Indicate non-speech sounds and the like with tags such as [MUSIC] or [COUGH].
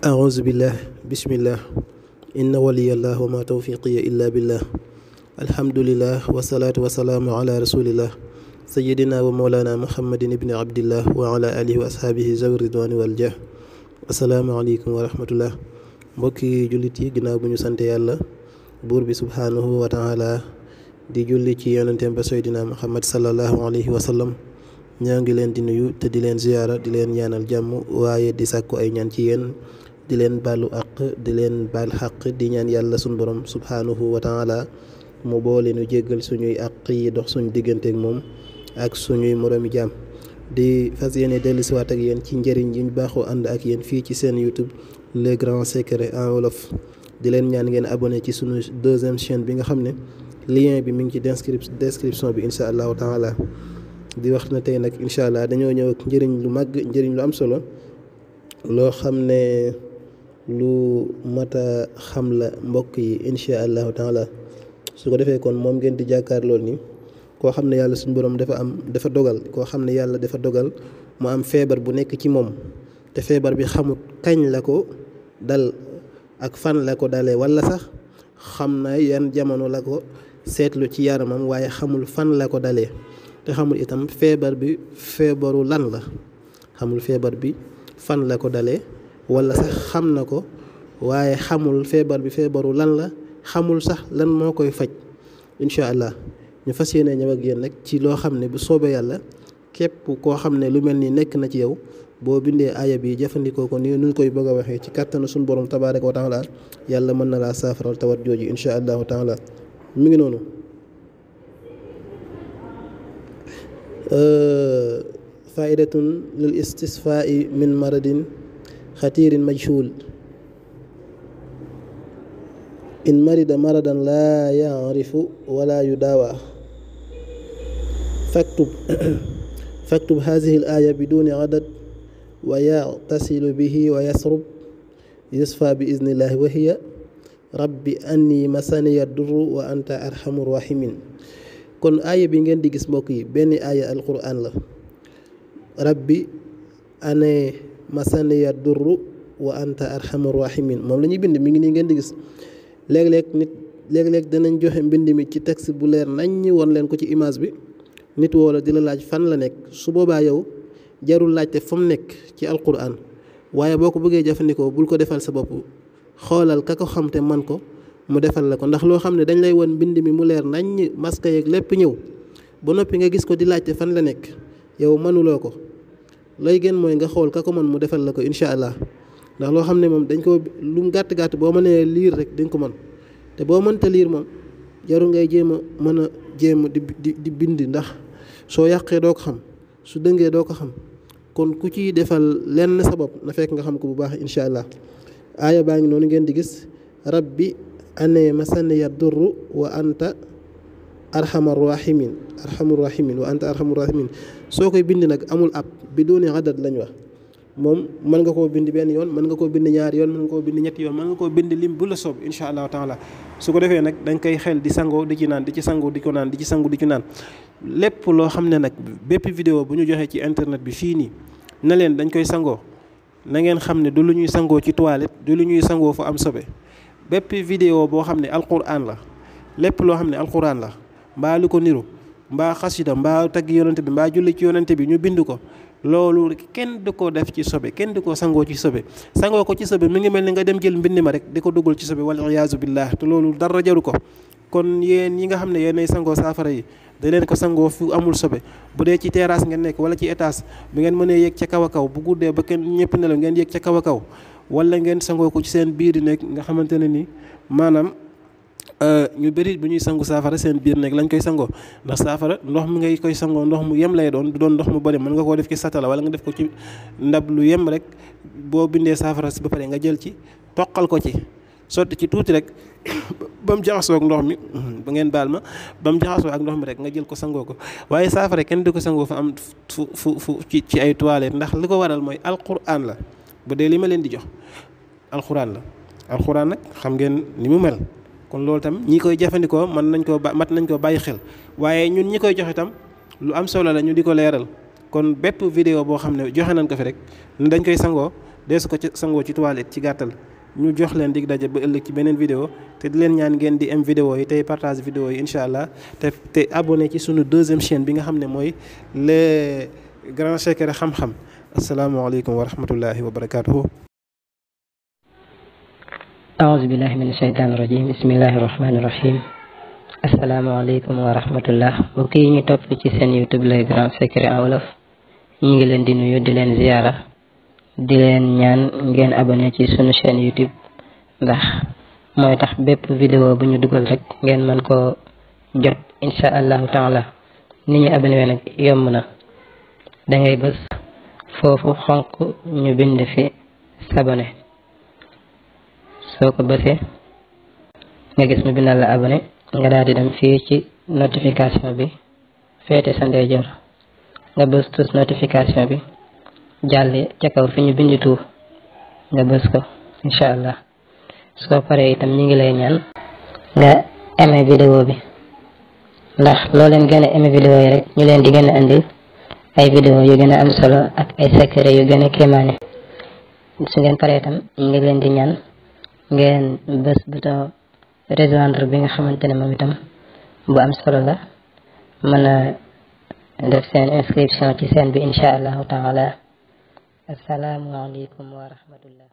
أعوذ بالله بسم الله إن ولي الله وما توفيقي إلا بالله الحمد لله والصلاة والسلام على رسول الله سيدنا ومولانا محمد بن عبد الله وعلى آله وأصحابه ذوي الرضوان والجاه السلام عليكم ورحمة الله mbokki jullit yi ginnaaw bu ñu sante yàlla buur bi subhaanahu wa taala di julli ci yonenteem ba seydina muhammad sallallahu alayhi wa sallam ñaa ngi leen di nuyu te di leen ziyaara di leen ñaanal jàmm waaye di sàkku ay ñaan ci yéen di leen baalu àq di leen baal xàq di ñaan yàlla suñ borom subhaanahu wa taala mu boole nu jéggal suñuy àq yi dox suñ digganteek moom ak suñuy moroomi jaam di fas yéene dellusiwaat ak yéen ci njëriñ yi ñu ànd ak yéen fii ci seen YouTube le grand secret en wolof di leen ñaan ngeen abonné ci suñu deuxième chaîne bi nga xam lien bi mi ngi ci description bi inshallah allahu taala di wax na tey nag incha dañoo ñëw ak njëriñ lu màgg njëriñ lu am solo loo xam ne lu mata xam la mbokk yi insha allah taala su ko defee kon moom ngeen di jàkkaar lool ni koo xam ne yàlla suñu borom dafa am dafa dogal koo xam ne yàlla dafa dogal mu am feebar bu nekk ci moom te feebar bi xamut kañ la ko dal ak fan la ko dalee wala sax xam na yan jamono la ko seetlu ci yaramam waaye xamul fan la ko dalee te xamul itam feebar bi feebaru lan la xamul feebar bi fan la ko dalee wala sax xam na ko waaye xamul feebar bi feebaru lan la xamul sax lan moo koy faj insha allah ñu fas yéene ñëw ak yéen rek ci loo xam ne bu soobe yàlla képp koo xam ne lu mel ni nekk na ci yow boo bindee aaya bi jëfandikoo ko ni nuñ koy bëgg a waxee ci kàttanu sun borom tabaaraka wa taala yàlla mën na laa saafaral tawat jooju insha allahu taala mi ngi noonu. faidatun lil istisfaa'i min maradin خطير مجهول إن مرض مرضا لا يعرف ولا يداوى فاكتب [COUGHS] فاكتب هذه الآية بدون عدد ويغتسل به ويسرب يصفى بإذن الله وهي رب أني مسني الدر وأنت أرحم الراحمين kon آية bi دي di gis mbokk yi benn aaya alquran masaniya durru wa anta arhamur rahimin moom la ñuy bind mi ngi nii ngeen di gis léeg-léeg nit léegi léeg dinañ joxe mbind mi ci texte bu leer nañ ñi won leen ko ci image bi nit woo la dina laaj fan la nekk su boobaa yow jarul laajte fa mu nekk ci alquran waaye boo ko bëggee jëfandikoo bul ko defal sa bopp xoolal ka ko xam te man ko mu defal la ko ndax loo xam ne dañ lay won mbind mi mu leer nañ masque yeeg lépp ñëw ba noppi nga gis ko di laajte fan la nekk yow mënuloo ko lay gën mooy nga xool ka ko mën mu defal la ko incha allah ndax loo xam ne moom dañ ko lu gàtt gàtt boo mënee liir rek dañ ko mën te boo mënta liir moom jaru ngay jéem a mën a jéem di di di bind ndax soo yàqee doo ko xam su dëngee doo ko xam kon ku ciy defal lenn sa bopp na fekk nga xam ko bu baax incha allah aaya baa ngi noonu ngeen di gis rab bi anee ma sanniya doru wa anta arhamar rahimin arhamur rahimin wa anta arhamur rahimin soo koy bind nag amul ab bi dooni xadat lañ wax moom mën nga koo bind benn yoon mën nga koo bind ñaari yoon mën nga koo bind ñetti yoon mën nga koo bind lim bu la soob incha allahu taala su ko defee nag da nga koy xel di sangoo di ci naan di ci sangoo di ko naan di ci sangu di ci naan lépp loo xam ne nag bépp vidéo bu ñu joxee ci internet bi fii nii na leen dañ koy sangoo na ngeen xam ne du lu ñuy sangoo ci toilette du lu ñuy sangoo fu am sobe bépp vidéo boo xam ne alquran la lépp loo xam ne alquran la mbaa lu ko niru mbaa xasida mbaa tagg yonent bi mbaa julli ci yonent bi ñu bind ko loolu kenn du ko def ci sobe kenn du ko sangoo ci sobe sangoo ko ci sobe mi ngi mel ni nga dem jël mbind ma rek di ko dugal ci sobe wala iyaazu billah te loolu dara jaru ko kon yéen yi nga xam ne yéenay sangoo saafara yi da ko sangoo fu amul sobe bu dee ci teraas nga nekk wala ci étage bi ngeen mënee yéeg ca kaw a kaw bu guddee ba kenn ñëpp nelaw ngeen yéeg ca kaw a kaw wala ngeen sangoo ko ci seen biir di nekk nga xamante ne ni maanaam ñu bëri bu ñuy sangu saafara seen biir nekk lañ koy sangoo ndax saafara ndox mi ngay koy sangoo ndox mu yem lay doon du doon ndox mu bari mën nga koo def ci satala wala nga def ko ci ndab lu yem rek boo bindee saafara si ba pare nga jël ci toqal ko ci sotti ci tuuti rek [COUGHS] ba mu jaxasoo ak ndox mi [COUGHS] ngeen baal ma ba mu jaxasoo ak ndox mi rek nga jël ko sangoo ko waaye saafara kenn du ko sangoo fa am fu fu fu ci ci ay toilettes ndax li ko waral mooy alquran la ba dee li ma leen di jox alquran la alquran nag xam ngeen ni mu mel. kon loolu tam ñi koy jëfandikoo mën nañ koo ba mat nañ koo bàyyi xel waaye ñun ñi koy joxe tam lu am solo la ñu di ko leeral kon bépp vidéo boo xam ne joxe nañ ko fi rek ne dañ koy sangoo deesu ko ci sangoo ci toilette ci gàttal ñu jox leen dig daje ba ëllëg ci beneen vidéo te di leen ñaan ngeen di am vidéo yi tey partage vidéo yi incha allah te te abonné ci suñu deuxième chaîne bi nga xam ne mooy le grand secret xam-xam asalaamaaleykum wa rahmatullahi wa barakaatuhu أعوذ بالله من الشيطان الرجيم بسم الله الرحمن الرحيم السلام عليكم ورحمة الله وكي ني توب في سين يوتيوب لي غران اولف di nuyu di leen ziara di leen ñaan ngeen abonné ci sunu chaîne youtube Dah, mooy tax bépp video abon ñu dugal rek ngeen man ko jot insha allahu taala ni ñu abonné nag yomb na da ngay bës foofu xonk soko bëssé nga ya. gis ya, mu bindal la abonné nga daal di dem fi ci notification bi fété ya, sa ndé ndeyjoor nga bëss tous notification bi jallé ci kaw fi ñu bind tu nga bëss ko inshallah so paré itam ñi ngi lay ñaan nga aimé vidéo bi ndax lo leen gëna aimé vidéo yi rek ñu leen di gëna andi ay vidéo yu gëna am solo ak ay secret yu gëna kémané kéemaane su ngeen paree itam ñu ngi leen di ñaan ngeen bés bu taw rejoindre bi nga xamante ne moom itam bu am solo la mën a def seen inscription ci seen bi incha allahu taala asalaamualeykum wa rahmatullah